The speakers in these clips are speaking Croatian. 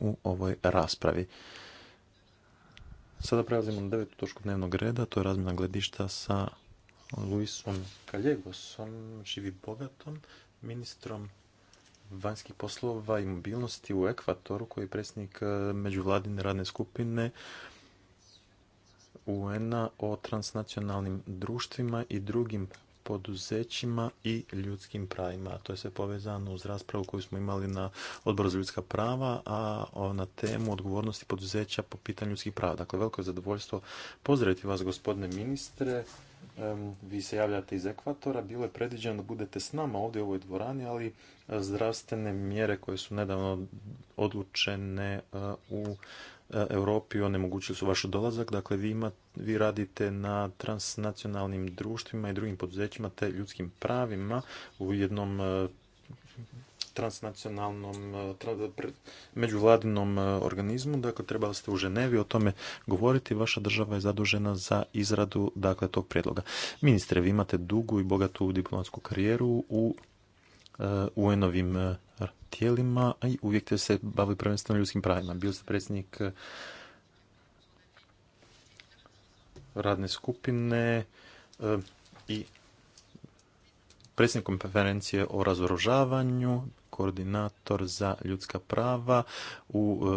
u ovoj raspravi. Sada prelazimo na devetu točku dnevnog reda, to je razmjena gledišta sa Luisom Kaljegosom, živi bogatom, ministrom vanjskih poslova i mobilnosti u Ekvatoru, koji je predsjednik eh, međuvladine radne skupine UN-a o transnacionalnim društvima i drugim poduzećima i ljudskim pravima. To je sve povezano uz raspravu koju smo imali na odboru za ljudska prava, a na temu odgovornosti poduzeća po pitanju ljudskih prava. Dakle, veliko je zadovoljstvo pozdraviti vas, gospodine ministre. Vi se javljate iz ekvatora. Bilo je predviđeno da budete s nama ovdje u ovoj dvorani, ali e, zdravstvene mjere koje su nedavno odlučene e, u E, Europi onemogućili su vaš dolazak. Dakle, vi, ima, vi radite na transnacionalnim društvima i drugim poduzećima te ljudskim pravima u jednom e, transnacionalnom e, međuvladinom organizmu, dakle trebali ste u Ženevi o tome govoriti, vaša država je zadužena za izradu dakle tog prijedloga. Ministre, vi imate dugu i bogatu diplomatsku karijeru u Eh, UN-ovim eh, tijelima, i uvijek se bavili prvenstveno ljudskim pravima. Bili ste predsjednik eh, radne skupine i predsjednik konferencije o razoružavanju, koordinator za ljudska prava u e,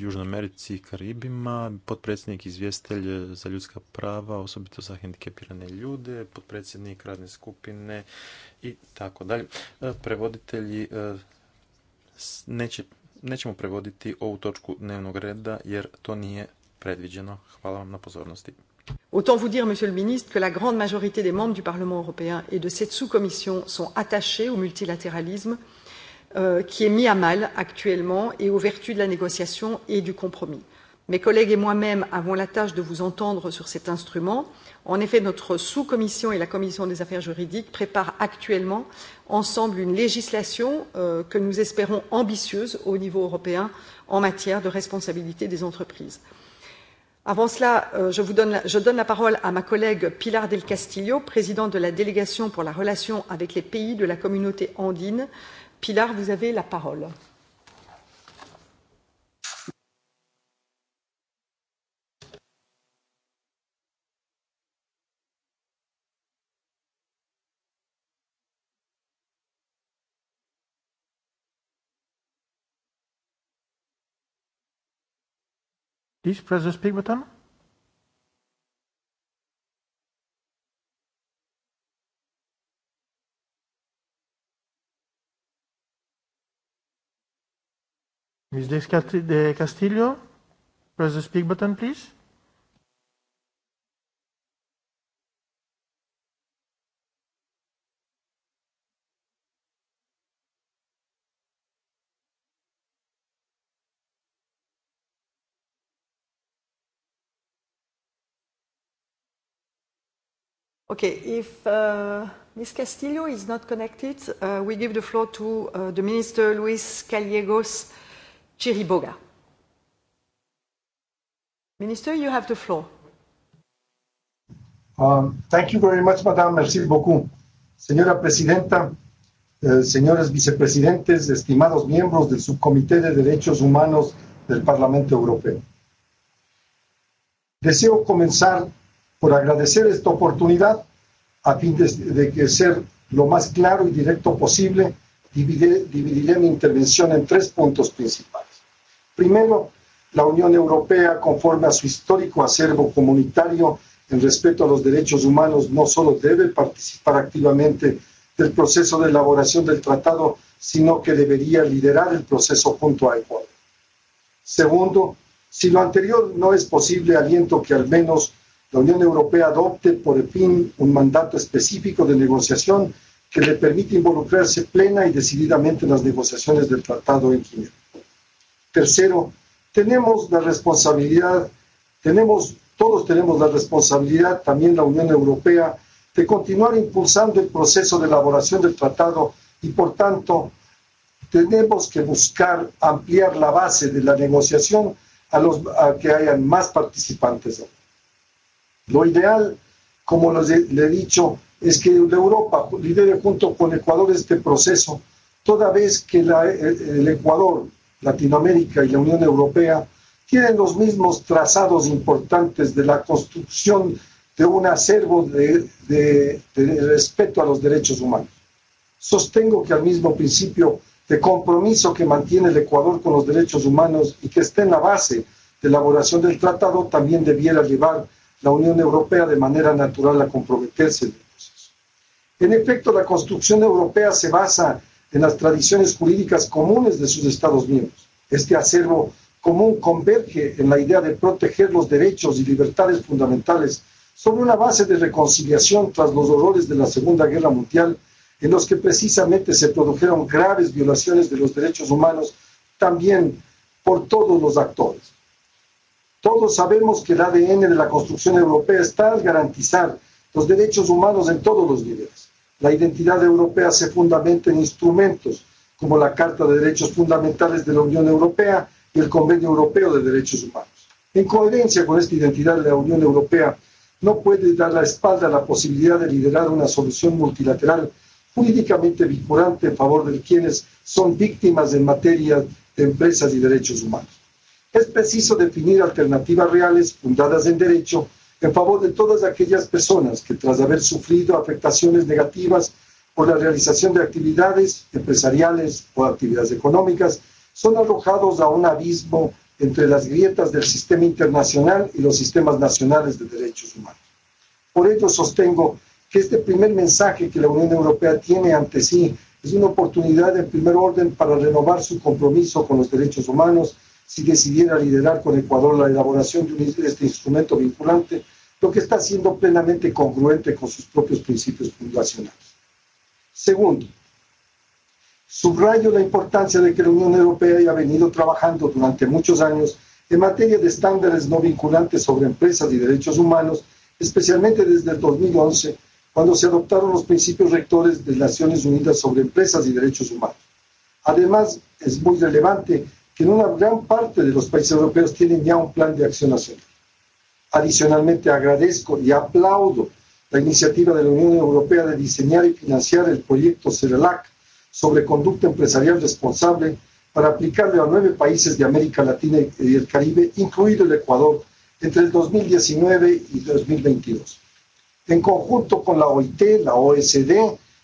Južnoj Americi i Karibima, potpredsjednik izvjestelj za ljudska prava, osobito za hendikepirane ljude, potpredsjednik radne skupine i tako dalje. E, prevoditelji e, neće, nećemo prevoditi ovu točku dnevnog reda jer to nije predviđeno. Hvala vam na pozornosti. Autant vous dire, Monsieur le Ministre, que la grande majorité des membres du Parlement européen et de cette sous-commission sont attachés au multilatéralisme Euh, qui est mis à mal actuellement et aux vertus de la négociation et du compromis. Mes collègues et moi-même avons la tâche de vous entendre sur cet instrument. En effet, notre sous-commission et la commission des affaires juridiques préparent actuellement ensemble une législation euh, que nous espérons ambitieuse au niveau européen en matière de responsabilité des entreprises. Avant cela, euh, je, vous donne la, je donne la parole à ma collègue Pilar del Castillo, présidente de la délégation pour la relation avec les pays de la communauté andine, Pilar, vous avez la parole. Please press the speak button. Ms. De Castillo, press the speak button, please. Okay, if uh, Ms. Castillo is not connected, uh, we give the floor to uh, the Minister Luis Callegos Thierry Boga. Minister, you have the floor. Um, thank you very much, Madame. Merci beaucoup. Señora Presidenta, eh, señores vicepresidentes, estimados miembros del Subcomité de Derechos Humanos del Parlamento Europeo. Deseo comenzar por agradecer esta oportunidad a fin de, de que ser lo más claro y directo posible, dividiré, dividiré mi intervención en tres puntos principales. Primero, la Unión Europea, conforme a su histórico acervo comunitario en respeto a los derechos humanos, no solo debe participar activamente del proceso de elaboración del tratado, sino que debería liderar el proceso junto a Ecuador. Segundo, si lo anterior no es posible, aliento que al menos la Unión Europea adopte por fin un mandato específico de negociación que le permite involucrarse plena y decididamente en las negociaciones del tratado en Ginebra. Tercero, tenemos la responsabilidad, tenemos, todos tenemos la responsabilidad, también la Unión Europea, de continuar impulsando el proceso de elaboración del tratado y, por tanto, tenemos que buscar ampliar la base de la negociación a, los, a que hayan más participantes. Lo ideal, como les he, le he dicho, es que Europa lidere junto con Ecuador este proceso, toda vez que la, el Ecuador Latinoamérica y la Unión Europea tienen los mismos trazados importantes de la construcción de un acervo de, de, de respeto a los derechos humanos. Sostengo que al mismo principio de compromiso que mantiene el Ecuador con los derechos humanos y que está en la base de elaboración del tratado también debiera llevar la Unión Europea de manera natural a comprometerse en el proceso. En efecto, la construcción europea se basa en las tradiciones jurídicas comunes de sus Estados miembros. Este acervo común converge en la idea de proteger los derechos y libertades fundamentales sobre una base de reconciliación tras los horrores de la Segunda Guerra Mundial, en los que precisamente se produjeron graves violaciones de los derechos humanos también por todos los actores. Todos sabemos que el ADN de la construcción europea está al garantizar los derechos humanos en todos los niveles La identidad europea se fundamenta en instrumentos como la Carta de Derechos Fundamentales de la Unión Europea y el Convenio Europeo de Derechos Humanos. En coherencia con esta identidad, la Unión Europea no puede dar la espalda a la posibilidad de liderar una solución multilateral jurídicamente vinculante en favor de quienes son víctimas en materia de empresas y derechos humanos. Es preciso definir alternativas reales fundadas en derecho en favor de todas aquellas personas que tras haber sufrido afectaciones negativas por la realización de actividades empresariales o actividades económicas, son arrojados a un abismo entre las grietas del sistema internacional y los sistemas nacionales de derechos humanos. Por ello sostengo que este primer mensaje que la Unión Europea tiene ante sí es una oportunidad en primer orden para renovar su compromiso con los derechos humanos si decidiera liderar con Ecuador la elaboración de, un, este instrumento vinculante, lo que está siendo plenamente congruente con sus propios principios fundacionales. Segundo, subrayo la importancia de que la Unión Europea haya venido trabajando durante muchos años en materia de estándares no vinculantes sobre empresas y derechos humanos, especialmente desde el 2011, cuando se adoptaron los principios rectores de las Naciones Unidas sobre empresas y derechos humanos. Además, es muy relevante que en una gran parte de los países europeos tienen ya un plan de acción nacional. Adicionalmente, agradezco y aplaudo la iniciativa de la Unión Europea de diseñar y financiar el proyecto CERELAC sobre conducta empresarial responsable para aplicarlo a nueve países de América Latina y el Caribe, incluido el Ecuador, entre el 2019 y 2022. En conjunto con la OIT, la OSD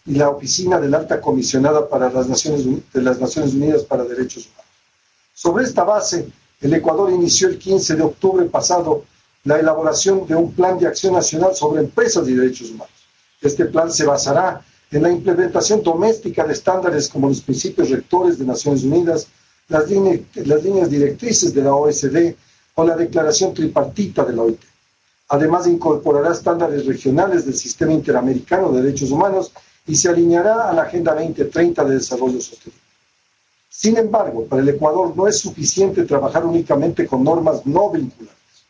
y la Oficina de la Alta Comisionada para las Naciones, de las Naciones Unidas para Derechos Humanos. Sobre esta base, el Ecuador inició el 15 de octubre pasado la elaboración de un plan de acción nacional sobre empresas y derechos humanos. Este plan se basará en la implementación doméstica de estándares como los principios rectores de Naciones Unidas, las, line, las líneas directrices de la OSD o la declaración tripartita de la OIT. Además, incorporará estándares regionales del sistema interamericano de derechos humanos y se alineará a la Agenda 2030 de Desarrollo Sostenible. Sin embargo, para el Ecuador no es suficiente trabajar únicamente con normas no vinculantes.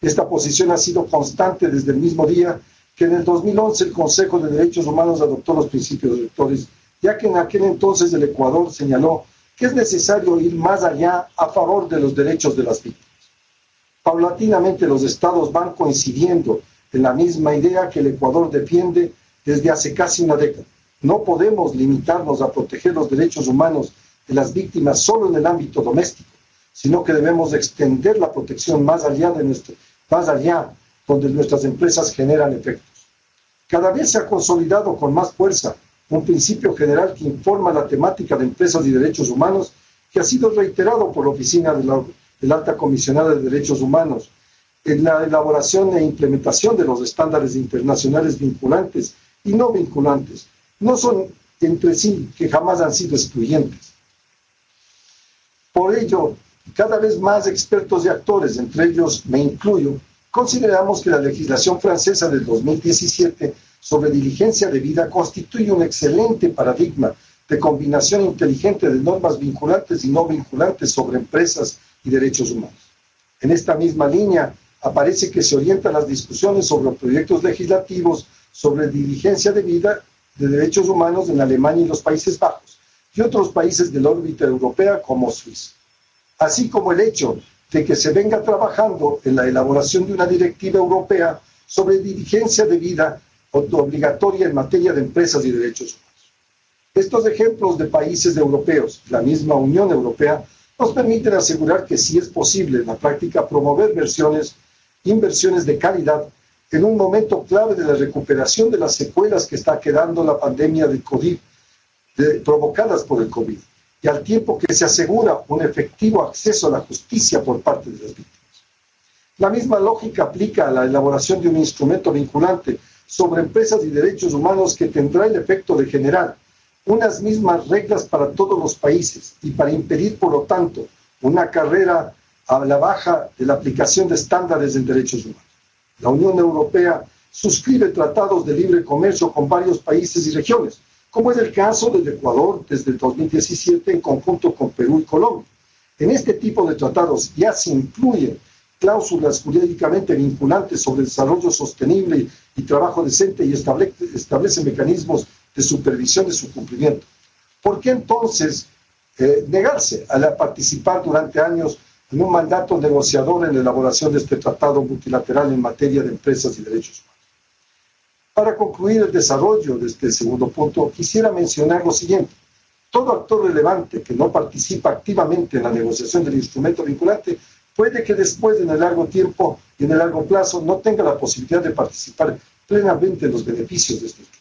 Esta posición ha sido constante desde el mismo día que en el 2011 el Consejo de Derechos Humanos adoptó los principios rectores, ya que en aquel entonces el Ecuador señaló que es necesario ir más allá a favor de los derechos de las víctimas. Paulatinamente los estados van coincidiendo en la misma idea que el Ecuador defiende desde hace casi una década. No podemos limitarnos a proteger los derechos humanos de las víctimas solo en el ámbito doméstico, sino que debemos extender la protección más allá de nuestro, más allá donde nuestras empresas generan efectos. Cada vez se ha consolidado con más fuerza un principio general que informa la temática de empresas y derechos humanos que ha sido reiterado por la Oficina de la, de la Alta Comisionada de Derechos Humanos en la elaboración e implementación de los estándares internacionales vinculantes y no vinculantes. No son entre sí que jamás han sido excluyentes Por ello, cada vez más expertos y actores, entre ellos me incluyo, consideramos que la legislación francesa del 2017 sobre diligencia debida constituye un excelente paradigma de combinación inteligente de normas vinculantes y no vinculantes sobre empresas y derechos humanos. En esta misma línea aparece que se orientan las discusiones sobre proyectos legislativos sobre diligencia debida de derechos humanos en Alemania y los Países Bajos, y otros países de la órbita europea como Suiza, así como el hecho de que se venga trabajando en la elaboración de una directiva europea sobre diligencia vida obligatoria en materia de empresas y derechos humanos. Estos ejemplos de países europeos, la misma Unión Europea, nos permiten asegurar que sí es posible en la práctica promover versiones, inversiones de calidad en un momento clave de la recuperación de las secuelas que está quedando la pandemia de COVID de, provocadas por el COVID y al tiempo que se asegura un efectivo acceso a la justicia por parte de las víctimas. La misma lógica aplica a la elaboración de un instrumento vinculante sobre empresas y derechos humanos que tendrá el efecto de generar unas mismas reglas para todos los países y para impedir, por lo tanto, una carrera a la baja de la aplicación de estándares en derechos humanos. La Unión Europea suscribe tratados de libre comercio con varios países y regiones, como es el caso del Ecuador desde el 2017 en conjunto con Perú y Colombia. En este tipo de tratados ya se incluyen cláusulas jurídicamente vinculantes sobre el desarrollo sostenible y trabajo decente y establece, establece mecanismos de supervisión de su cumplimiento. ¿Por qué entonces eh, negarse a la participar durante años en un mandato negociador en la elaboración de este tratado multilateral en materia de empresas y derechos humanos? Para concluir el desarrollo de este segundo punto, quisiera mencionar lo siguiente. Todo actor relevante que no participa activamente en la negociación del instrumento vinculante puede que después, en el largo tiempo y en el largo plazo, no tenga la posibilidad de participar plenamente en los beneficios de este instrumento.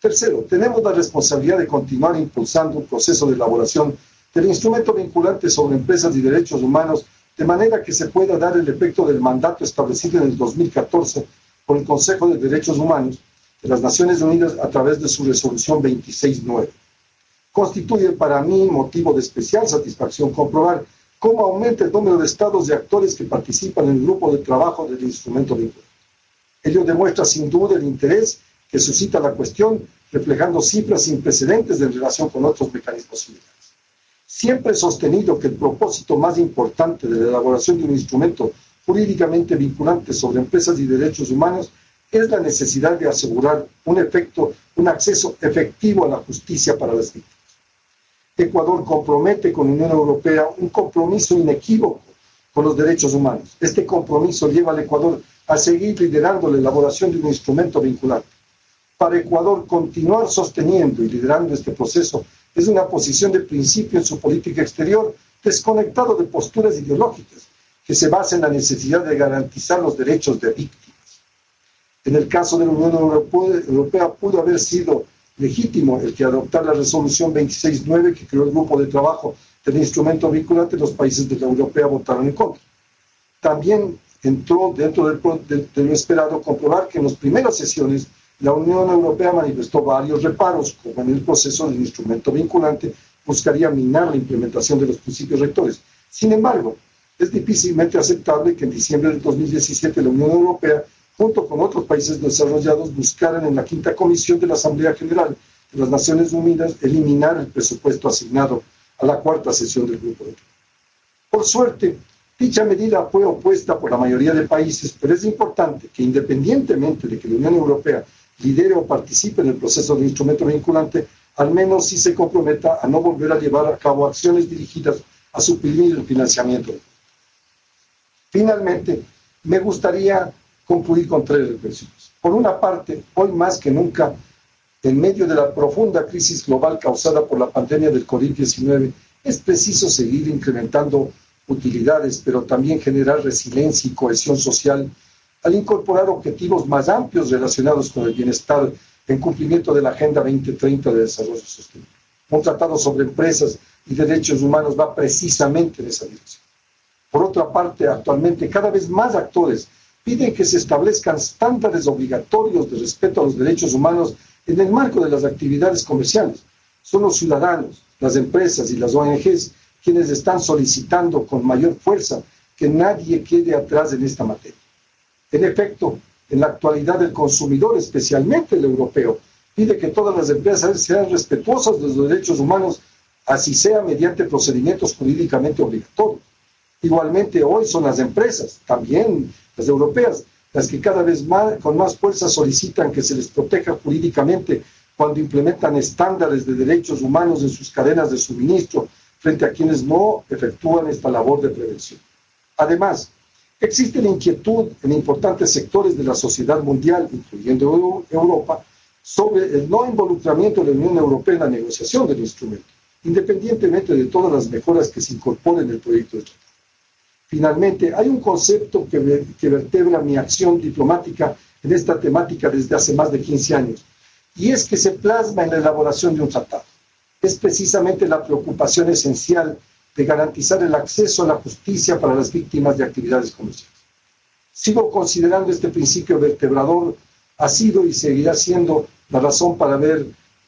Tercero, tenemos la responsabilidad de continuar impulsando un proceso de elaboración del instrumento vinculante sobre empresas y derechos humanos de manera que se pueda dar el efecto del mandato establecido en el 2014 por el Consejo de Derechos Humanos de las Naciones Unidas a través de su resolución 26.9. Constituye para mí motivo de especial satisfacción comprobar cómo aumenta el número de estados y actores que participan en el grupo de trabajo del instrumento vinculante. Ello demuestra sin duda el interés que suscita la cuestión, reflejando cifras sin precedentes en relación con otros mecanismos similares. Siempre he sostenido que el propósito más importante de la elaboración de un instrumento jurídicamente vinculante sobre empresas y derechos humanos es la necesidad de asegurar un efecto, un acceso efectivo a la justicia para las víctimas. Ecuador compromete con la Unión Europea un compromiso inequívoco con los derechos humanos. Este compromiso lleva al Ecuador a seguir liderando la elaboración de un instrumento vinculante. Para Ecuador continuar sosteniendo y liderando este proceso es una posición de principio en su política exterior, desconectado de posturas ideológicas, que se basa en la necesidad de garantizar los derechos de víctimas. En el caso de la Unión Europea pudo haber sido legítimo el que adoptar la resolución 26.9 que creó el grupo de trabajo del instrumento vinculante, los países de la Europea votaron en contra. También entró dentro del, de, de lo esperado comprobar que en las primeras sesiones la Unión Europea manifestó varios reparos, como en el proceso del instrumento vinculante buscaría minar la implementación de los principios rectores. Sin embargo, es difícilmente aceptable que en diciembre del 2017 la Unión Europea, junto con otros países desarrollados, buscaran en la quinta comisión de la Asamblea General de las Naciones Unidas eliminar el presupuesto asignado a la cuarta sesión del Grupo de Por suerte, dicha medida fue opuesta por la mayoría de países, pero es importante que independientemente de que la Unión Europea lidere o participe en el proceso de instrumento vinculante, al menos si se comprometa a no volver a llevar a cabo acciones dirigidas a suprimir el financiamiento del Finalmente, me gustaría concluir con tres reflexiones. Por una parte, hoy más que nunca, en medio de la profunda crisis global causada por la pandemia del COVID-19, es preciso seguir incrementando utilidades, pero también generar resiliencia y cohesión social al incorporar objetivos más amplios relacionados con el bienestar en cumplimiento de la Agenda 2030 de Desarrollo Sostenible. Un tratado sobre empresas y derechos humanos va precisamente en esa dirección. Por otra parte, actualmente cada vez más actores piden que se establezcan estándares obligatorios de respeto a los derechos humanos en el marco de las actividades comerciales. Son los ciudadanos, las empresas y las ONGs quienes están solicitando con mayor fuerza que nadie quede atrás en esta materia. En efecto, en la actualidad el consumidor, especialmente el europeo, pide que todas las empresas sean respetuosas de los derechos humanos, así sea mediante procedimientos jurídicamente obligatorios. Igualmente hoy son las empresas, también las europeas, las que cada vez más, con más fuerza solicitan que se les proteja jurídicamente cuando implementan estándares de derechos humanos en sus cadenas de suministro frente a quienes no efectúan esta labor de prevención. Además, existe la inquietud en importantes sectores de la sociedad mundial, incluyendo Europa, sobre el no involucramiento de la Unión Europea en la negociación del instrumento, independientemente de todas las mejoras que se incorporen en el proyecto de Finalmente, hay un concepto que, que vertebra mi acción diplomática en esta temática desde hace más de 15 años, y es que se plasma en la elaboración de un tratado. Es precisamente la preocupación esencial de garantizar el acceso a la justicia para las víctimas de actividades comerciales. Sigo considerando este principio vertebrador, ha sido y seguirá siendo la razón para ver,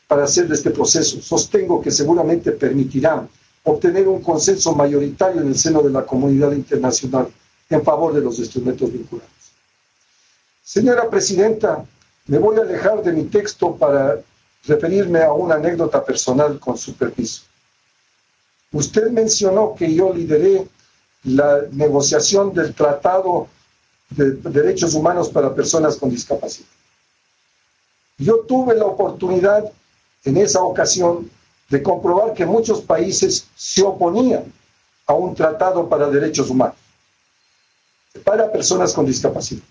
para hacer de este proceso. Sostengo que seguramente permitirá obtener un consenso mayoritario en el seno de la comunidad internacional en favor de los instrumentos vinculados. Señora Presidenta, me voy a alejar de mi texto para referirme a una anécdota personal con su permiso. Usted mencionó que yo lideré la negociación del Tratado de Derechos Humanos para Personas con Discapacidad. Yo tuve la oportunidad en esa ocasión de comprobar que muchos países se oponían a un tratado para derechos humanos, para personas con discapacidad.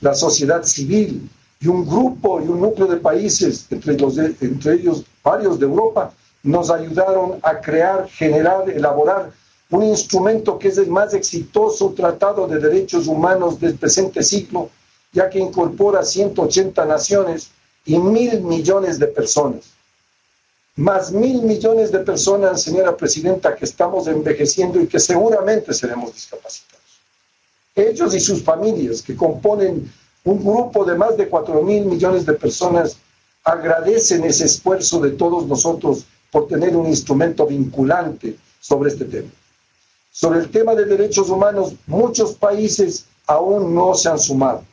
La sociedad civil y un grupo y un núcleo de países, entre, los de, entre ellos varios de Europa, nos ayudaron a crear, generar, elaborar un instrumento que es el más exitoso tratado de derechos humanos del presente siglo, ya que incorpora 180 naciones y mil millones de personas más mil millones de personas, señora presidenta, que estamos envejeciendo y que seguramente seremos discapacitados. Ellos y sus familias, que componen un grupo de más de cuatro mil millones de personas, agradecen ese esfuerzo de todos nosotros por tener un instrumento vinculante sobre este tema. Sobre el tema de derechos humanos, muchos países aún no se han sumado.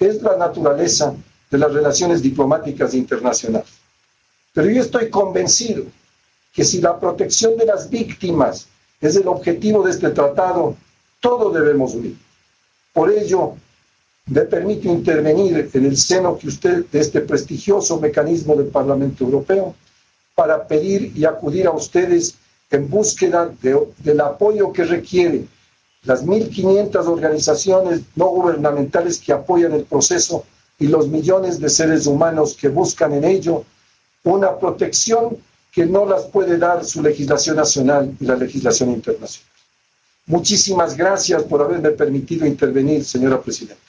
Es la naturaleza de las relaciones diplomáticas internacionales. Pero yo estoy convencido que si la protección de las víctimas es el objetivo de este tratado, todos debemos unir. Por ello, me permito intervenir en el seno que usted, de este prestigioso mecanismo del Parlamento Europeo, para pedir y acudir a ustedes en búsqueda de, del apoyo que requiere las 1.500 organizaciones no gubernamentales que apoyan el proceso y los millones de seres humanos que buscan en ello una protección que no las puede dar su legislación nacional y la legislación internacional. Muchísimas gracias por haberme permitido intervenir, señora presidenta.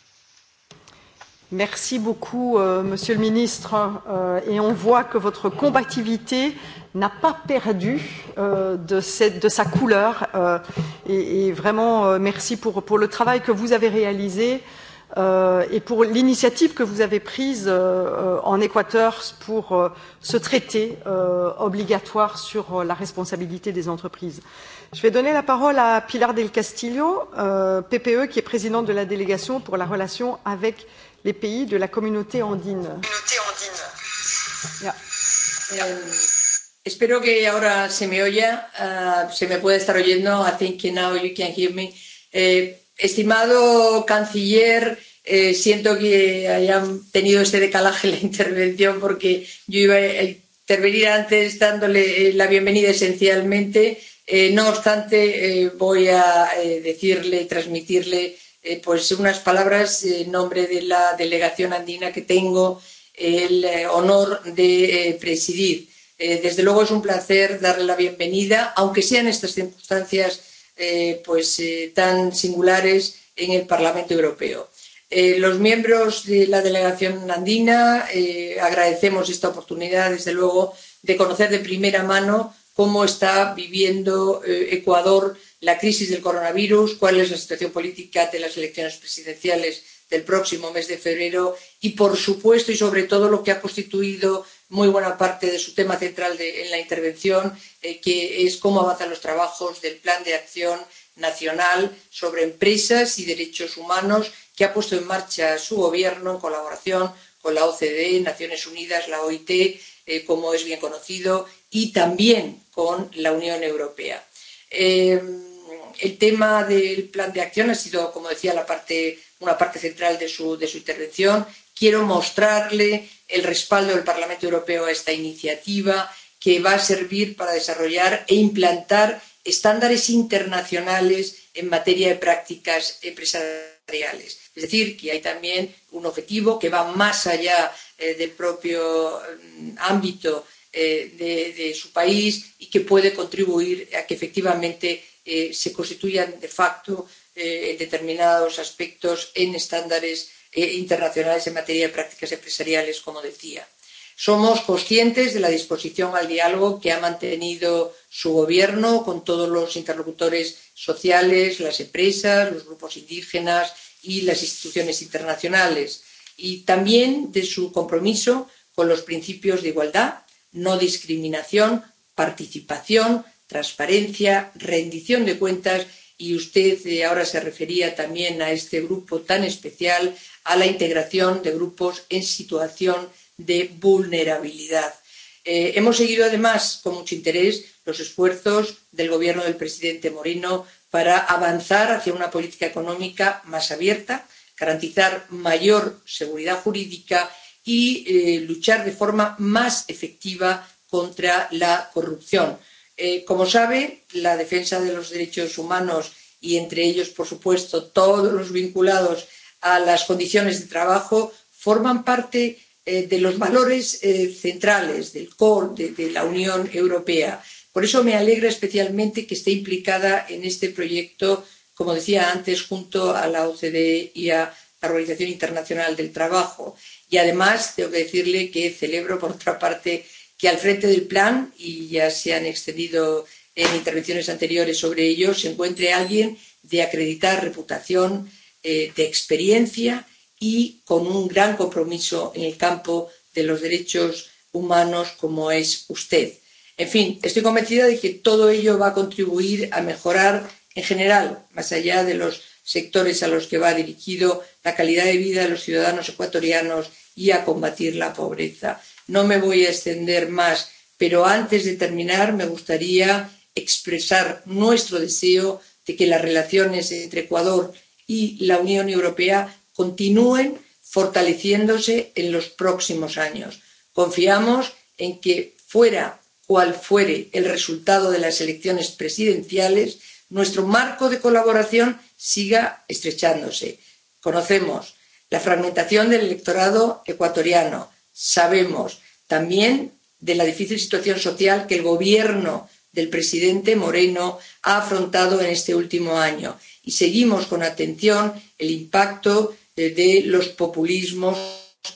Merci beaucoup, euh, Monsieur le Ministre, euh, et on voit que votre combativité n'a pas perdu euh, de, cette, de sa couleur, euh, et, et vraiment euh, merci pour, pour le travail que vous avez réalisé. Euh, et pour l'initiative que vous avez prise euh, euh, en Équateur pour ce traité obligatoire sur la responsabilité des entreprises. Je vais donner la parole à Pilar del Castillo, PPE, qui est présidente de la délégation pour la relation avec les pays de la communauté andine. Eh, espero que ahora se me oya, uh, se me puede estar oyendo. I think now you can hear me. Eh, Estimado canciller, eh, siento que hayan tenido este decalaje en la intervención porque yo iba a intervenir antes dándole eh, la bienvenida esencialmente. Eh, no obstante, eh, voy a eh, decirle, transmitirle eh, pues unas palabras en nombre de la delegación andina que tengo el honor de presidir. Desde luego es un placer darle la bienvenida, aunque sean estas circunstancias eh, pues, eh, tan singulares en el Parlamento Europeo. Eh, los miembros de la delegación andina eh, agradecemos esta oportunidad, desde luego, de conocer de primera mano cómo está viviendo eh, Ecuador la crisis del coronavirus, cuál es la situación política de las elecciones presidenciales del próximo mes de febrero y, por supuesto, y sobre todo, lo que ha constituido muy buena parte de su tema central de, en la intervención, eh, que es cómo avanzan los trabajos del Plan de Acción Nacional sobre Empresas y Derechos Humanos que ha puesto en marcha su gobierno en colaboración con la OCDE, Naciones Unidas, la OIT, eh, como es bien conocido, y también con la Unión Europea. Eh, el tema del plan de acción ha sido, como decía, la parte, una parte central de su, de su intervención quiero mostrarle el respaldo del parlamento europeo a esta iniciativa que va a servir para desarrollar e implantar estándares internacionales en materia de prácticas empresariales. Es decir, que hay también un objetivo que va más allá eh, del propio mm, ámbito eh, de, de su país y que puede contribuir a que efectivamente eh, se constituyan de facto eh, en determinados aspectos en estándares Eh, internacionales en materia de prácticas empresariales, como decía. Somos conscientes de la disposición al diálogo que ha mantenido su gobierno con todos los interlocutores sociales, las empresas, los grupos indígenas y las instituciones internacionales. Y también de su compromiso con los principios de igualdad, no discriminación, participación, transparencia, rendición de cuentas. Y usted eh, ahora se refería también a este grupo tan especial a la integración de grupos en situación de vulnerabilidad. Eh, hemos seguido además con mucho interés los esfuerzos del gobierno del presidente Moreno para avanzar hacia una política económica más abierta, garantizar mayor seguridad jurídica y eh, luchar de forma más efectiva contra la corrupción. Eh, como sabe, la defensa de los derechos humanos y entre ellos, por supuesto, todos los vinculados a las condiciones de trabajo forman parte eh, de los valores eh, centrales del core de, de la Unión Europea. Por eso me alegra especialmente que esté implicada en este proyecto, como decía antes, junto a la OCDE y a la Organización Internacional del Trabajo. Y además tengo que decirle que celebro, por otra parte, que al frente del plan, y ya se han excedido en intervenciones anteriores sobre ello, se encuentre alguien de acreditar reputación, eh, de experiencia y con un gran compromiso en el campo de los derechos humanos como es usted. En fin, estoy convencida de que todo ello va a contribuir a mejorar en general, más allá de los sectores a los que va dirigido, la calidad de vida de los ciudadanos ecuatorianos y a combatir la pobreza. No me voy a extender más, pero antes de terminar me gustaría expresar nuestro deseo de que las relaciones entre Ecuador y la Unión Europea continúen fortaleciéndose en los próximos años. Confiamos en que, fuera cual fuere el resultado de las elecciones presidenciales, nuestro marco de colaboración siga estrechándose. Conocemos la fragmentación del electorado ecuatoriano. Sabemos también de la difícil situación social que el gobierno del presidente Moreno ha afrontado en este último año y seguimos con atención el impacto de los populismos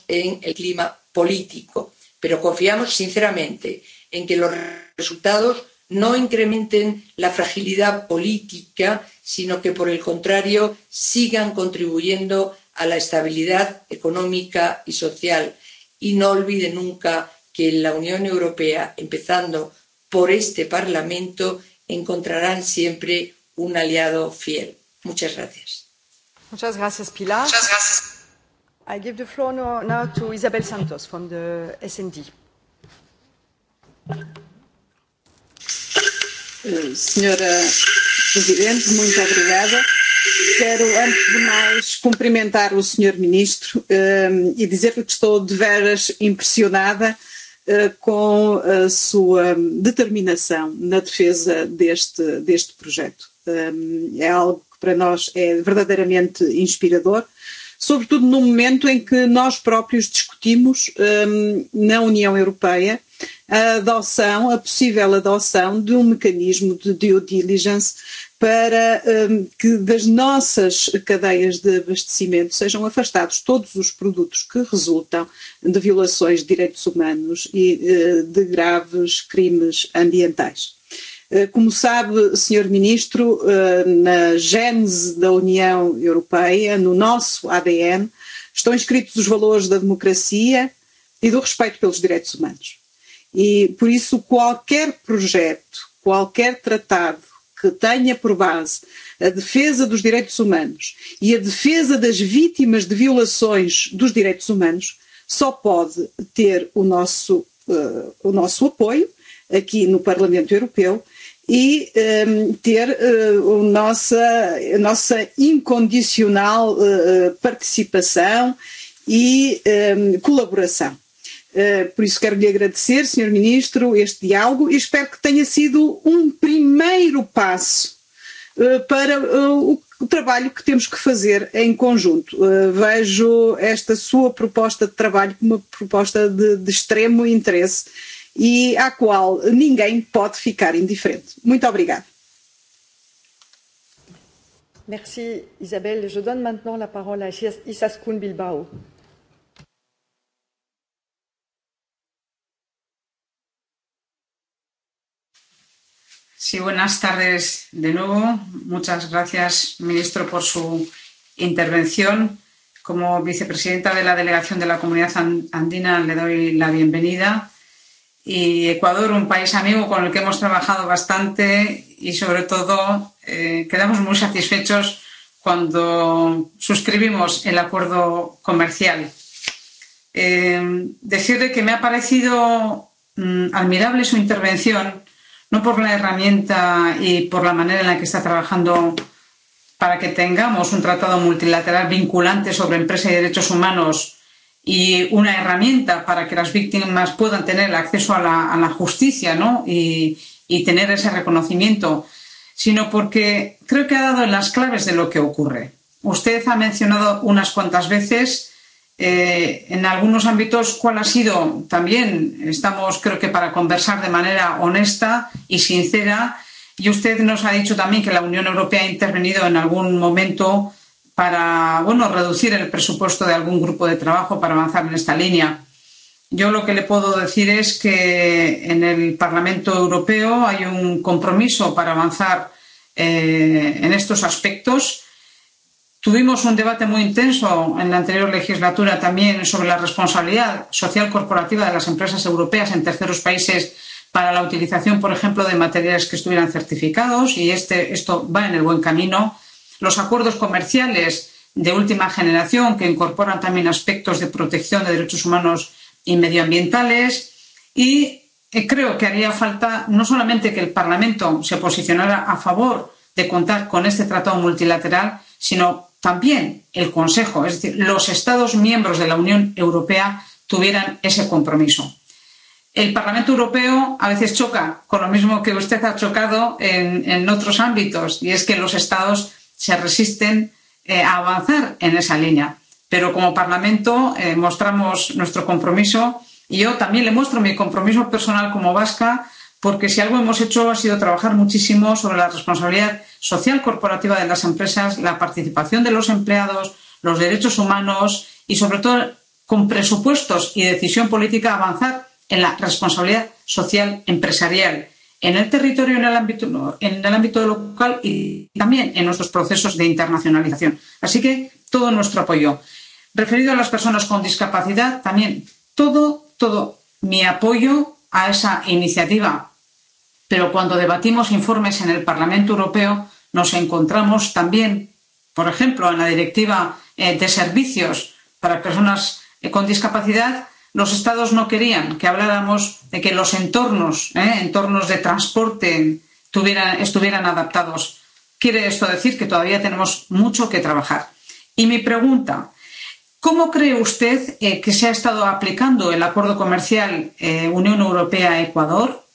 en el clima político pero confiamos sinceramente en que los resultados no incrementen la fragilidad política sino que por el contrario sigan contribuyendo a la estabilidad económica y social y no olvide nunca que la unión europea empezando por este parlamento encontrarán siempre un aliado fiel. Muchas gracias. Muchas gracias, Pilar. Muchas gracias. I give the floor now to Isabel Santos from the SND. Eh, Senhora Presidente, muito obrigada. Quero, antes de mais, cumprimentar o Sr. Ministro um, e dizer que estou de veras impressionada uh, com a sua determinação na defesa deste, deste projeto. Um, é algo para nós é verdadeiramente inspirador, sobretudo no momento em que nós próprios discutimos um, na União Europeia a adoção, a possível adoção de um mecanismo de due diligence para um, que das nossas cadeias de abastecimento sejam afastados todos os produtos que resultam de violações de direitos humanos e uh, de graves crimes ambientais. Eh, como sabe, Sr. Ministro, eh, na gênese da União Europeia, no nosso ADN, estão inscritos os valores da democracia e do respeito pelos direitos humanos. E, por isso, qualquer projeto, qualquer tratado que tenha por base a defesa dos direitos humanos e a defesa das vítimas de violações dos direitos humanos só pode ter o nosso, uh, o nosso apoio aqui no Parlamento Europeu e um, ter uh, nossa, a nossa incondicional uh, participação e um, colaboração. Uh, por isso quero lhe agradecer, Sr. Ministro, este diálogo e espero que tenha sido um primeiro passo uh, para uh, o trabalho que temos que fazer em conjunto. Uh, vejo esta sua proposta de trabalho como uma proposta de, de extremo interesse e à qual ninguém pode ficar indiferente. Muito obrigada. Merci Isabelle. Je donne maintenant la parole à Isaskun Bilbao. Sí, buenas tardes de nuevo. Muchas gracias, ministro, por su intervención. Como vicepresidenta de la delegación de la comunidad andina, le doy la bienvenida y Ecuador, un país amigo con el que hemos trabajado bastante y sobre todo eh, quedamos muy satisfechos cuando suscribimos el acuerdo comercial. Eh, decirle que me ha parecido mm, admirable su intervención, no por la herramienta y por la manera en la que está trabajando para que tengamos un tratado multilateral vinculante sobre empresa y derechos humanos y una herramienta para que las víctimas puedan tener acceso a la, a la justicia ¿no? y, y, tener ese reconocimiento, sino porque creo que ha dado las claves de lo que ocurre. Usted ha mencionado unas cuantas veces eh, en algunos ámbitos cuál ha sido también, estamos creo que para conversar de manera honesta y sincera, y usted nos ha dicho también que la Unión Europea ha intervenido en algún momento para bueno, reducir el presupuesto de algún grupo de trabajo para avanzar en esta línea. Yo lo que le puedo decir es que en el Parlamento Europeo hay un compromiso para avanzar eh, en estos aspectos. Tuvimos un debate muy intenso en la anterior legislatura también sobre la responsabilidad social corporativa de las empresas europeas en terceros países para la utilización, por ejemplo, de materiales que estuvieran certificados y este, esto va en el buen camino los acuerdos comerciales de última generación que incorporan también aspectos de protección de derechos humanos y medioambientales y eh, creo que haría falta no solamente que el parlamento se posicionara a favor de contar con este tratado multilateral sino también el consejo es decir los estados miembros de la unión europea tuvieran ese compromiso. el parlamento europeo a veces choca con lo mismo que usted ha chocado en, en otros ámbitos y es que los estados se resisten eh, a avanzar en esa línea. Pero como Parlamento eh, mostramos nuestro compromiso y yo también le muestro mi compromiso personal como vasca, porque si algo hemos hecho ha sido trabajar muchísimo sobre la responsabilidad social corporativa de las empresas, la participación de los empleados, los derechos humanos y, sobre todo, con presupuestos y decisión política, avanzar en la responsabilidad social empresarial en el territorio, en el ámbito, en el ámbito local y también en nuestros procesos de internacionalización. Así que todo nuestro apoyo. Referido a las personas con discapacidad, también todo, todo mi apoyo a esa iniciativa. Pero cuando debatimos informes en el Parlamento Europeo, nos encontramos también, por ejemplo, en la Directiva eh, de Servicios para Personas eh, con Discapacidad, los estados no querían que habláramos de que los entornos, ¿eh? entornos de transporte, tuvieran, estuvieran adaptados. Quiere esto decir que todavía tenemos mucho que trabajar. Y mi pregunta, ¿cómo cree usted eh, que se ha estado aplicando el acuerdo comercial eh, Unión Europea-Ecuador?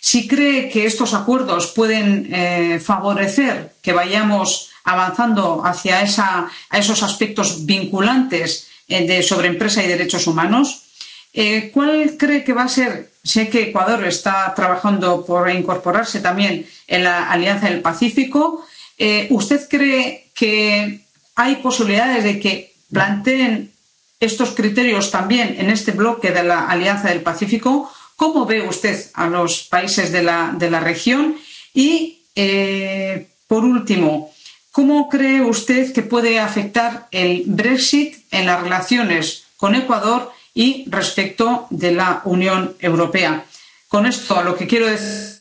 Si cree que estos acuerdos pueden eh, favorecer que vayamos avanzando hacia esa, a esos aspectos vinculantes eh, de, sobre empresa y derechos humanos, Eh, ¿Cuál cree que va a ser? Sé que Ecuador está trabajando por incorporarse también en la Alianza del Pacífico. Eh, ¿Usted cree que hay posibilidades de que planteen estos criterios también en este bloque de la Alianza del Pacífico? ¿Cómo ve usted a los países de la, de la región? Y, eh, por último, ¿cómo cree usted que puede afectar el Brexit en las relaciones con Ecuador? y respecto de la Unión Europea. Con esto lo que quiero es...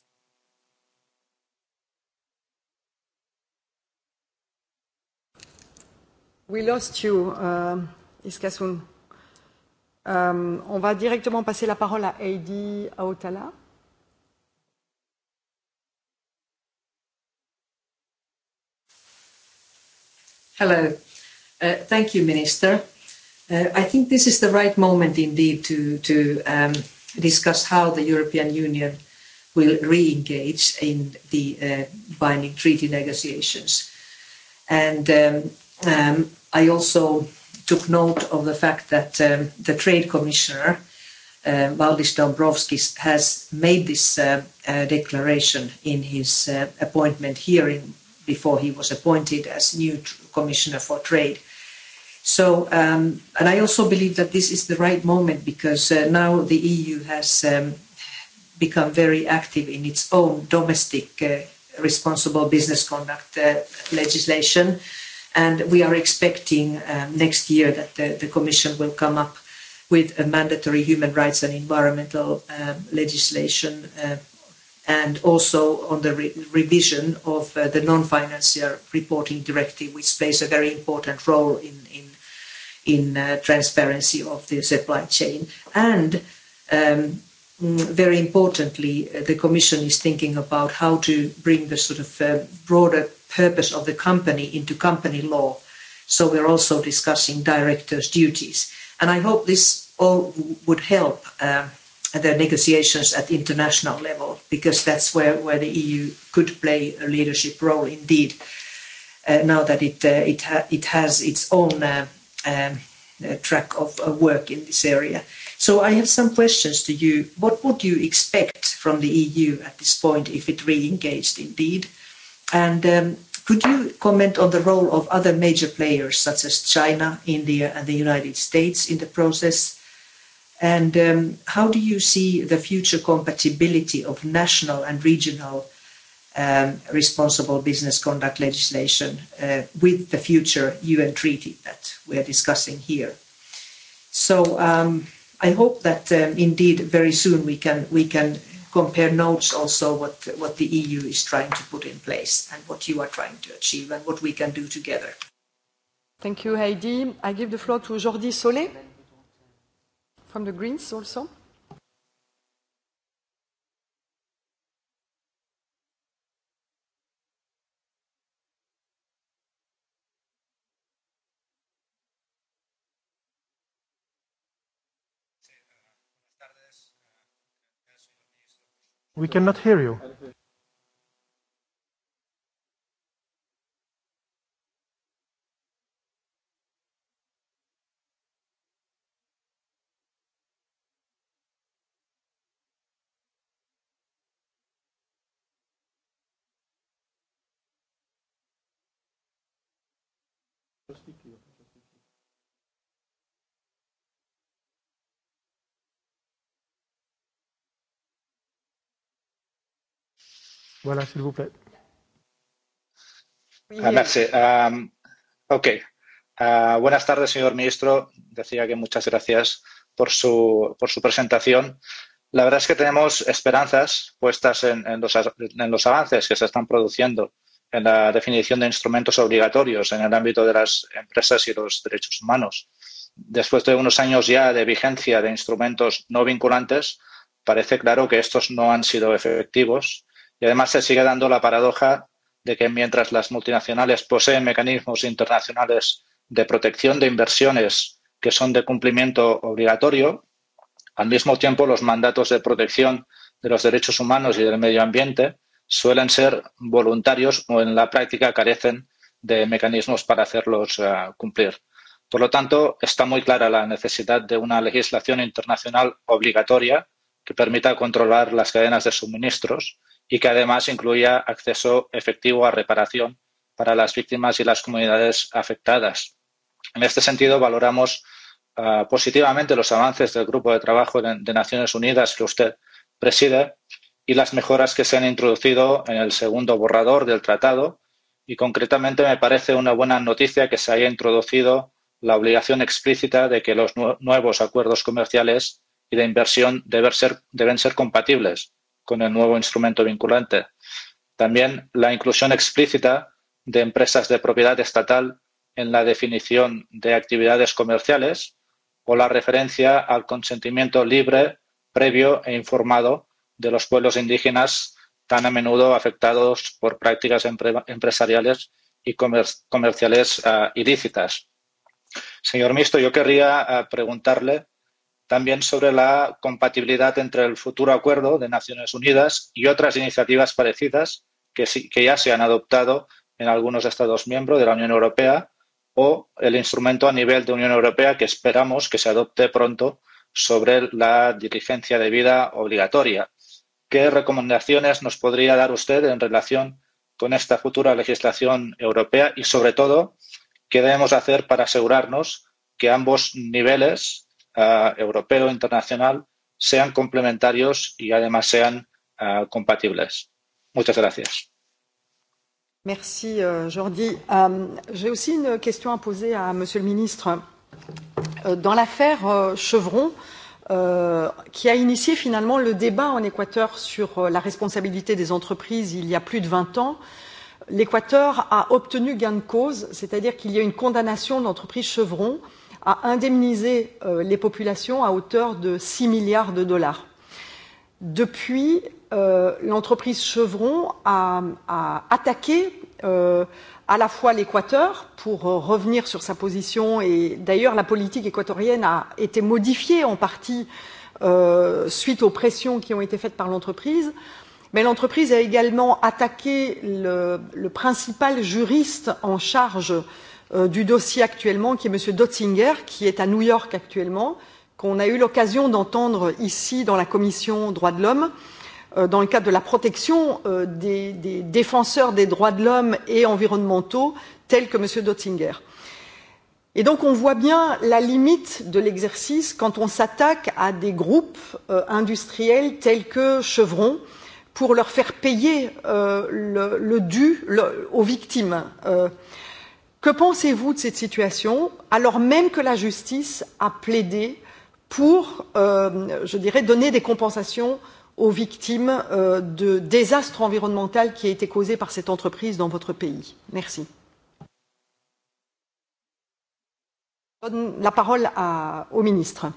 We lost you, uh, Iskasun. Um, on va directement passer la parole à Heidi Aotala. Hello. Uh, thank you, Minister. Uh, I think this is the right moment indeed to, to um, discuss how the European Union will re-engage in the uh, binding treaty negotiations. And um, um, I also took note of the fact that um, the Trade Commissioner, uh, Valdis Dombrovskis, has made this uh, uh, declaration in his uh, appointment hearing before he was appointed as new Commissioner for Trade So, um, and I also believe that this is the right moment because uh, now the EU has um, become very active in its own domestic uh, responsible business conduct uh, legislation. And we are expecting um, next year that the, the Commission will come up with a mandatory human rights and environmental um, legislation uh, and also on the re revision of uh, the non-financial reporting directive, which plays a very important role in, in in uh, transparency of the supply chain. And um, mm, very importantly, uh, the Commission is thinking about how to bring the sort of uh, broader purpose of the company into company law. So we're also discussing directors' duties. And I hope this all would help uh, the negotiations at the international level, because that's where, where the EU could play a leadership role indeed, uh, now that it, uh, it, ha it has its own uh, um, track of uh, work in this area. So I have some questions to you. What would you expect from the EU at this point if it re-engaged indeed? And um, could you comment on the role of other major players such as China, India and the United States in the process? And um, how do you see the future compatibility of national and regional um, responsible business conduct legislation uh, with the future UN treaty that we are discussing here. So um, I hope that um, indeed very soon we can we can compare notes also what what the EU is trying to put in place and what you are trying to achieve and what we can do together. Thank you, Heidi. I give the floor to Jordi Solé from the Greens also. We cannot hear you. Voilà, s'il vous plaît. Ah, merci. Um, ok. Uh, buenas tardes, señor ministro. Decía que muchas gracias por su, por su presentación. La verdad es que tenemos esperanzas puestas en, en, los, en los avances que se están produciendo en la definición de instrumentos obligatorios en el ámbito de las empresas y los derechos humanos. Después de unos años ya de vigencia de instrumentos no vinculantes, parece claro que estos no han sido efectivos Y además se sigue dando la paradoja de que mientras las multinacionales poseen mecanismos internacionales de protección de inversiones que son de cumplimiento obligatorio, al mismo tiempo los mandatos de protección de los derechos humanos y del medio ambiente suelen ser voluntarios o en la práctica carecen de mecanismos para hacerlos uh, cumplir. Por lo tanto, está muy clara la necesidad de una legislación internacional obligatoria que permita controlar las cadenas de suministros y que además incluya acceso efectivo a reparación para las víctimas y las comunidades afectadas. En este sentido, valoramos uh, positivamente los avances del Grupo de Trabajo de, de Naciones Unidas que usted preside y las mejoras que se han introducido en el segundo borrador del tratado. Y concretamente me parece una buena noticia que se haya introducido la obligación explícita de que los nuevos acuerdos comerciales y de inversión deben ser, deben ser compatibles con el nuevo instrumento vinculante. También la inclusión explícita de empresas de propiedad estatal en la definición de actividades comerciales o la referencia al consentimiento libre, previo e informado de los pueblos indígenas tan a menudo afectados por prácticas empresariales y comer comerciales uh, ilícitas. Señor Misto, yo querría uh, preguntarle también sobre la compatibilidad entre el futuro acuerdo de Naciones Unidas y otras iniciativas parecidas que, que ya se han adoptado en algunos Estados miembros de la Unión Europea o el instrumento a nivel de Unión Europea que esperamos que se adopte pronto sobre la diligencia de vida obligatoria. ¿Qué recomendaciones nos podría dar usted en relación con esta futura legislación europea y, sobre todo, qué debemos hacer para asegurarnos que ambos niveles uh, europeo, internacional, sean complementarios y además sean uh, compatibles. Muchas gracias. Merci euh, Jordi. Euh, j'ai aussi une question à poser à Monsieur le Ministre. Euh, dans l'affaire Chevron, euh, qui a initié finalement le débat en Équateur sur la responsabilité des entreprises il y a plus de 20 ans, l'Équateur a obtenu gain de cause, c'est-à-dire qu'il y a une condamnation de l'entreprise Chevron à indemnisé euh, les populations à hauteur de 6 milliards de dollars. Depuis, euh, l'entreprise Chevron a, a attaqué euh, à la fois l'Équateur pour euh, revenir sur sa position et d'ailleurs la politique équatorienne a été modifiée en partie euh, suite aux pressions qui ont été faites par l'entreprise. Mais l'entreprise a également attaqué le, le principal juriste en charge Euh, du dossier actuellement, qui est M. Dotzinger, qui est à New York actuellement, qu'on a eu l'occasion d'entendre ici dans la Commission droits de l'homme, euh, dans le cadre de la protection euh, des, des défenseurs des droits de l'homme et environnementaux, tels que M. Dotzinger. Et donc on voit bien la limite de l'exercice quand on s'attaque à des groupes euh, industriels tels que Chevron pour leur faire payer euh, le, le dû le, aux victimes. Euh, que pensez vous de cette situation alors même que la justice a plaidé pour euh, je dirais donner des compensations aux victimes euh, de désastre environnemental qui a été causé par cette entreprise dans votre pays merci la parole à, au ministre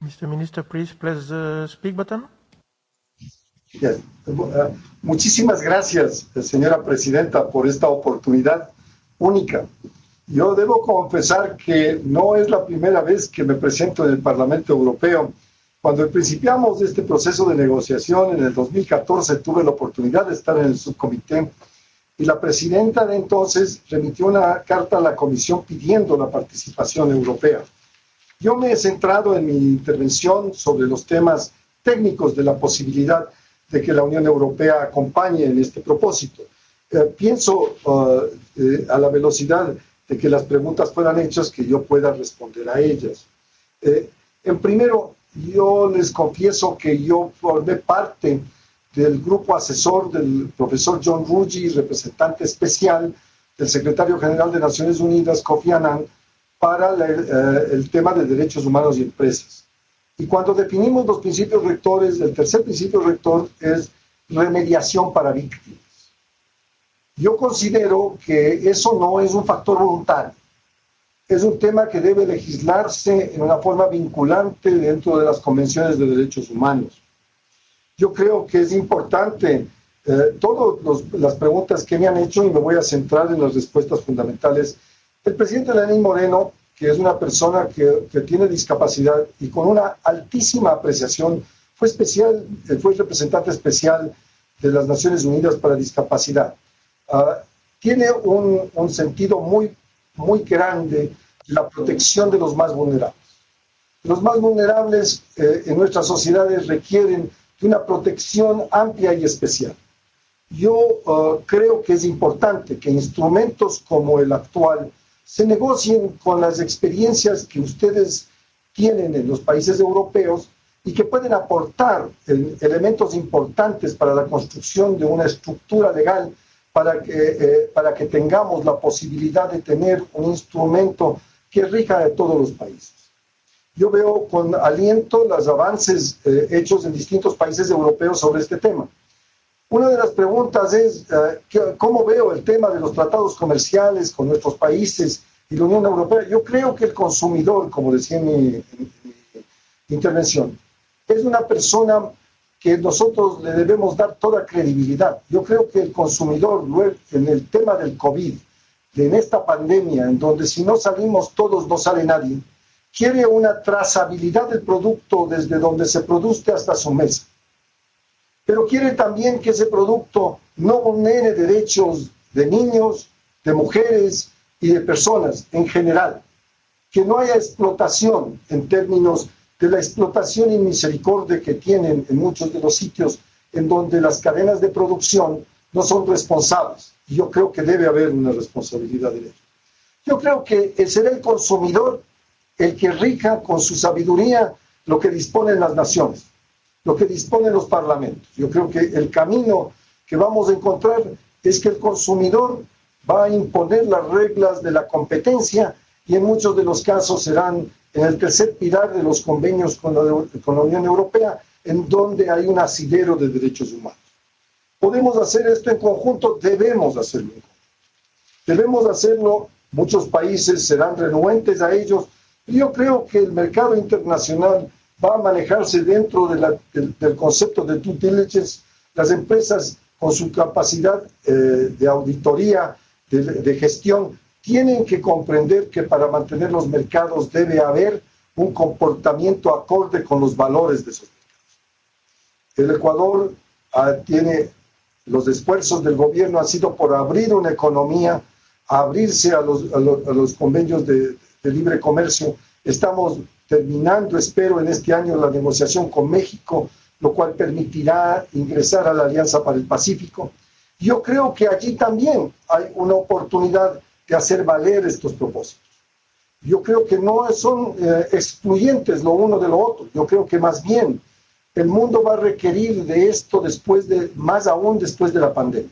Mr. Minister, please press the speak button. Eh, muchísimas gracias, señora presidenta, por esta oportunidad única. Yo debo confesar que no es la primera vez que me presento en el Parlamento Europeo. Cuando principiamos este proceso de negociación en el 2014 tuve la oportunidad de estar en el subcomité y la presidenta de entonces remitió una carta a la Comisión pidiendo la participación europea. Yo me he centrado en mi intervención sobre los temas técnicos de la posibilidad de que la Unión Europea acompañe en este propósito. Eh, pienso uh, eh, a la velocidad de que las preguntas fueran hechas, que yo pueda responder a ellas. Eh, en primero, yo les confieso que yo formé parte del grupo asesor del profesor John Ruggie, representante especial del secretario general de Naciones Unidas, Kofi Annan, para la, eh, el tema de derechos humanos y empresas. Y cuando definimos los principios rectores, el tercer principio rector es remediación para víctimas. Yo considero que eso no es un factor voluntario. Es un tema que debe legislarse en una forma vinculante dentro de las convenciones de derechos humanos. Yo creo que es importante eh, todas las preguntas que me han hecho y me voy a centrar en las respuestas fundamentales. El presidente Lenín Moreno que es una persona que, que tiene discapacidad y con una altísima apreciación, fue especial, eh, fue representante especial de las Naciones Unidas para Discapacidad. Uh, tiene un, un, sentido muy, muy grande la protección de los más vulnerables. Los más vulnerables eh, en nuestras sociedades requieren de una protección amplia y especial. Yo uh, creo que es importante que instrumentos como el actual se negocien con las experiencias que ustedes tienen en los países europeos y que pueden aportar elementos importantes para la construcción de una estructura legal para que, eh, para que tengamos la posibilidad de tener un instrumento que rija de todos los países. Yo veo con aliento los avances eh, hechos en distintos países europeos sobre este tema. Una de las preguntas es eh, cómo veo el tema de los tratados comerciales con nuestros países y la Unión Europea. Yo creo que el consumidor, como decía en mi, intervención, es una persona que nosotros le debemos dar toda credibilidad. Yo creo que el consumidor, en el tema del COVID, en esta pandemia, en donde si no salimos todos, no sale nadie, quiere una trazabilidad del producto desde donde se produce hasta su mesa pero quiere también que ese producto no vulnere derechos de niños, de mujeres y de personas en general, que no haya explotación en términos de la explotación y misericordia que tienen en muchos de los sitios en donde las cadenas de producción no son responsables. Y yo creo que debe haber una responsabilidad de ellos. Yo creo que ser el consumidor el que rija con su sabiduría lo que disponen las naciones lo que disponen los parlamentos. Yo creo que el camino que vamos a encontrar es que el consumidor va a imponer las reglas de la competencia y en muchos de los casos serán en el tercer pilar de los convenios con la, con la Unión Europea, en donde hay un asidero de derechos humanos. ¿Podemos hacer esto en conjunto? Debemos hacerlo en Debemos hacerlo, muchos países serán renuentes a ellos. Yo creo que el mercado internacional va a manejarse dentro de la, del, del, concepto de due diligence las empresas con su capacidad eh, de auditoría, de, de gestión, tienen que comprender que para mantener los mercados debe haber un comportamiento acorde con los valores de esos mercados. El Ecuador eh, tiene, los esfuerzos del gobierno han sido por abrir una economía, abrirse a los, a los, a los convenios de, de libre comercio. Estamos terminando, espero, en este año la negociación con México, lo cual permitirá ingresar a la Alianza para el Pacífico. Yo creo que allí también hay una oportunidad de hacer valer estos propósitos. Yo creo que no son eh, excluyentes lo uno de lo otro. Yo creo que más bien el mundo va a requerir de esto después de, más aún después de la pandemia.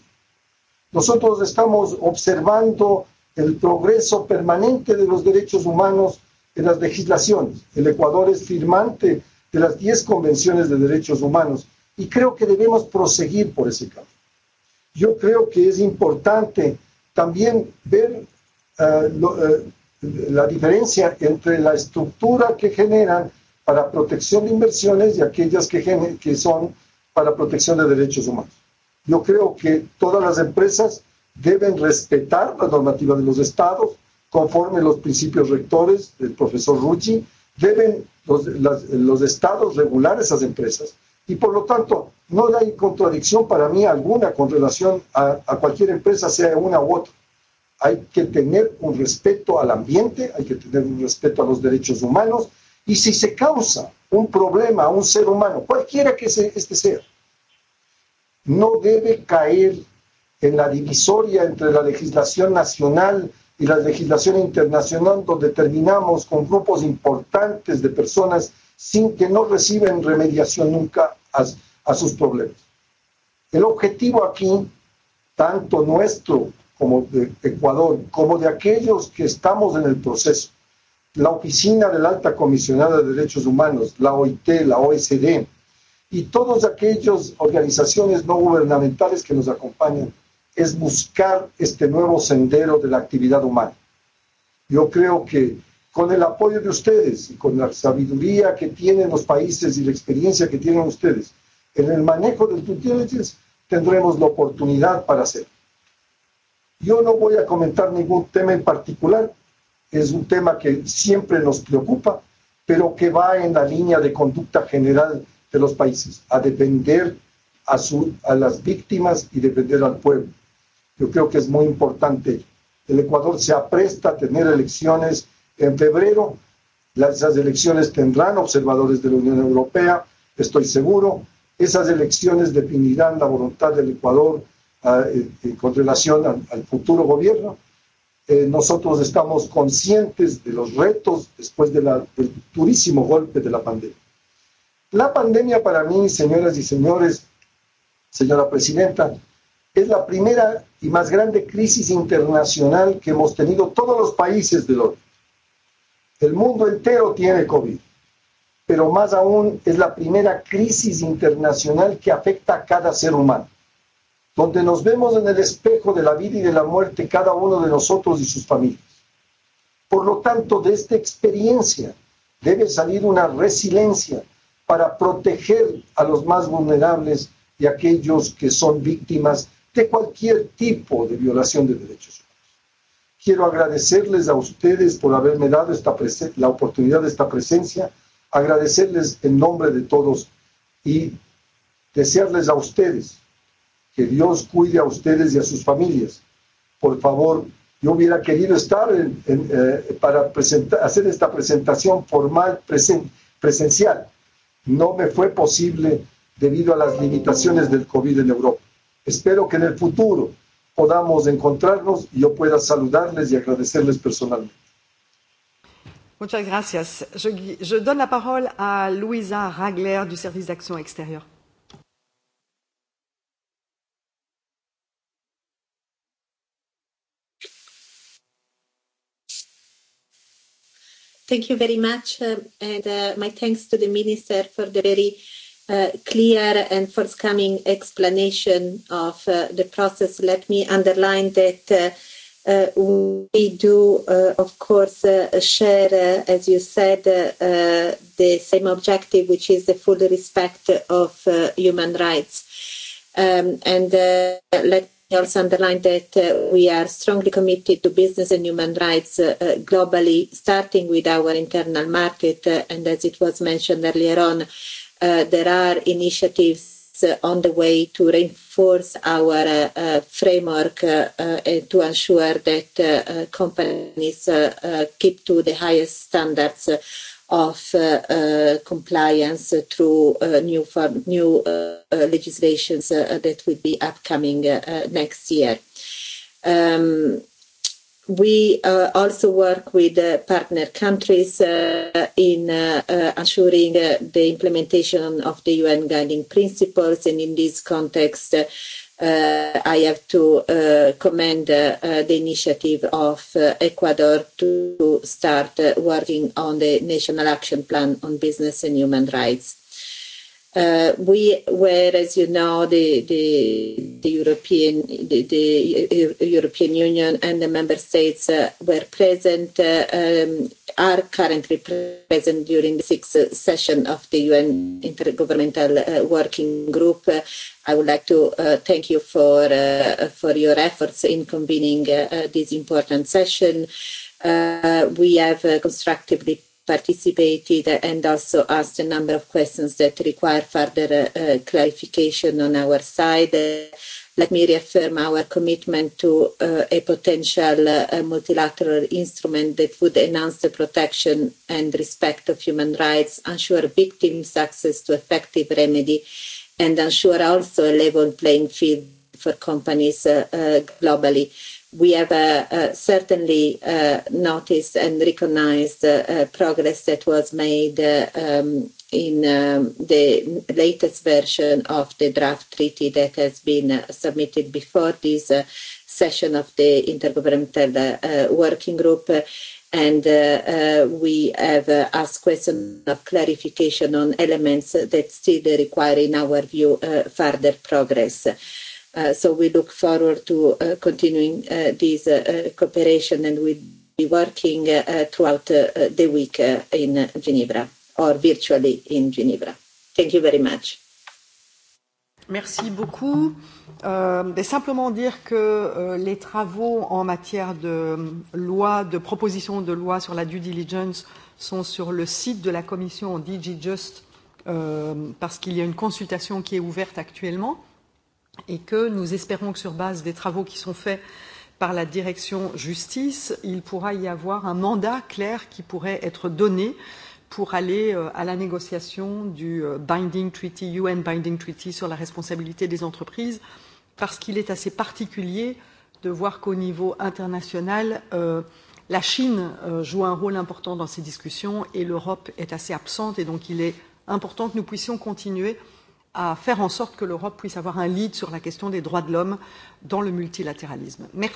Nosotros estamos observando el progreso permanente de los derechos humanos en las legislaciones. El Ecuador es firmante de las 10 convenciones de derechos humanos y creo que debemos proseguir por ese camino. Yo creo que es importante también ver uh, lo, uh, la diferencia entre la estructura que generan para protección de inversiones y aquellas que, que son para protección de derechos humanos. Yo creo que todas las empresas deben respetar la normativa de los estados, conforme los principios rectores del profesor Ruggi, deben los, las, los estados regular esas empresas. Y por lo tanto, no hay contradicción para mí alguna con relación a, a cualquier empresa, sea una u otra. Hay que tener un respeto al ambiente, hay que tener un respeto a los derechos humanos, y si se causa un problema a un ser humano, cualquiera que sea este sea, no debe caer en la divisoria entre la legislación nacional y la legislación internacional donde terminamos con grupos importantes de personas sin que no reciben remediación nunca a, a sus problemas. El objetivo aquí, tanto nuestro como de Ecuador, como de aquellos que estamos en el proceso, la Oficina del Alta Comisionada de Derechos Humanos, la OIT, la OSD, y todas aquellas organizaciones no gubernamentales que nos acompañan es buscar este nuevo sendero de la actividad humana. Yo creo que con el apoyo de ustedes y con la sabiduría que tienen los países y la experiencia que tienen ustedes en el manejo del due diligence, tendremos la oportunidad para hacerlo. Yo no voy a comentar ningún tema en particular, es un tema que siempre nos preocupa, pero que va en la línea de conducta general de los países, a defender a, su, a las víctimas y defender al pueblo yo creo que es muy importante. El Ecuador se apresta a tener elecciones en febrero. Las, esas elecciones tendrán observadores de la Unión Europea, estoy seguro. Esas elecciones definirán la voluntad del Ecuador ah, eh, eh, con relación al, al futuro gobierno. Eh, nosotros estamos conscientes de los retos después de la, del durísimo golpe de la pandemia. La pandemia para mí, señoras y señores, señora presidenta, es la primera y más grande crisis internacional que hemos tenido todos los países del orden. El mundo entero tiene COVID, pero más aún es la primera crisis internacional que afecta a cada ser humano, donde nos vemos en el espejo de la vida y de la muerte cada uno de nosotros y sus familias. Por lo tanto, de esta experiencia debe salir una resiliencia para proteger a los más vulnerables y aquellos que son víctimas de cualquier tipo de violación de derechos humanos. Quiero agradecerles a ustedes por haberme dado esta la oportunidad de esta presencia, agradecerles en nombre de todos y desearles a ustedes que Dios cuide a ustedes y a sus familias. Por favor, yo hubiera querido estar en, en, eh, para presentar, hacer esta presentación formal presen, presencial. No me fue posible debido a las limitaciones del COVID en Europa. Espero que en el futuro podamos encontrarnos y yo pueda saludarles y agradecerles personalmente. Muchas gracias. Je, je donne la parole à Luisa Ragler du service d'action extérieure. Thank you very much, uh, and uh, my thanks to the Minister for the very Uh, clear and forthcoming explanation of uh, the process. Let me underline that uh, uh we do, uh, of course, share, as you said, the same objective, which is the full respect of human rights. Um, and let me also underline that we are strongly committed to business and human rights globally, starting with our internal market, and as it was mentioned earlier on, Uh, there are initiatives on the way to reinforce our uh, framework and uh, uh, to ensure that companies keep to the highest standards of uh, uh, compliance uh, through new form, new legislations that will be upcoming next year. Um, We uh, also work with uh partner countries uh, in uh, uh assuring uh, the implementation of the UN guiding principles. And in this context, uh, I have to commend the initiative of Ecuador to start working on the National Action Plan on Business and Human Rights Uh, we were, as you know, the the, the European the, the European Union and the member states uh, were present, uh, um, are currently present during the sixth session of the UN Intergovernmental uh, Working Group. Uh, I would like to uh, thank you for uh, for your efforts in convening uh, this important session. Uh, we have uh, constructively participated and also asked a number of questions that require further uh, clarification on our side. Let me reaffirm our commitment to uh, a potential uh, multilateral instrument that would enhance the protection and respect of human rights, ensure victims access to effective remedy, and ensure also a level playing field for companies uh, uh globally we have uh, uh, certainly uh, noticed and recognized the uh, uh, progress that was made uh, um, in um, the latest version of the draft treaty that has been submitted before this session of the intergovernmental working group and uh, uh, we have uh, asked questions of clarification on elements that still require, in our view, further progress. Uh, so we look forward to uh, continuing uh, this cooperation and we'll be working throughout the week in Geneva or virtually in Geneva. Thank you very much. Merci beaucoup. Euh, mais simplement dire que euh, les travaux en matière de loi, de proposition de loi sur la due diligence sont sur le site de la commission DG Just euh, parce qu'il y a une consultation qui est ouverte actuellement et que nous espérons que sur base des travaux qui sont faits par la direction justice, il pourra y avoir un mandat clair qui pourrait être donné pour aller euh, à la négociation du euh, binding treaty, UN binding treaty sur la responsabilité des entreprises, parce qu'il est assez particulier de voir qu'au niveau international, euh, la Chine joue un rôle important dans ces discussions et l'Europe est assez absente et donc il est important que nous puissions continuer à faire en sorte que l'Europe puisse avoir un lead sur la question des droits de l'homme dans le multilatéralisme.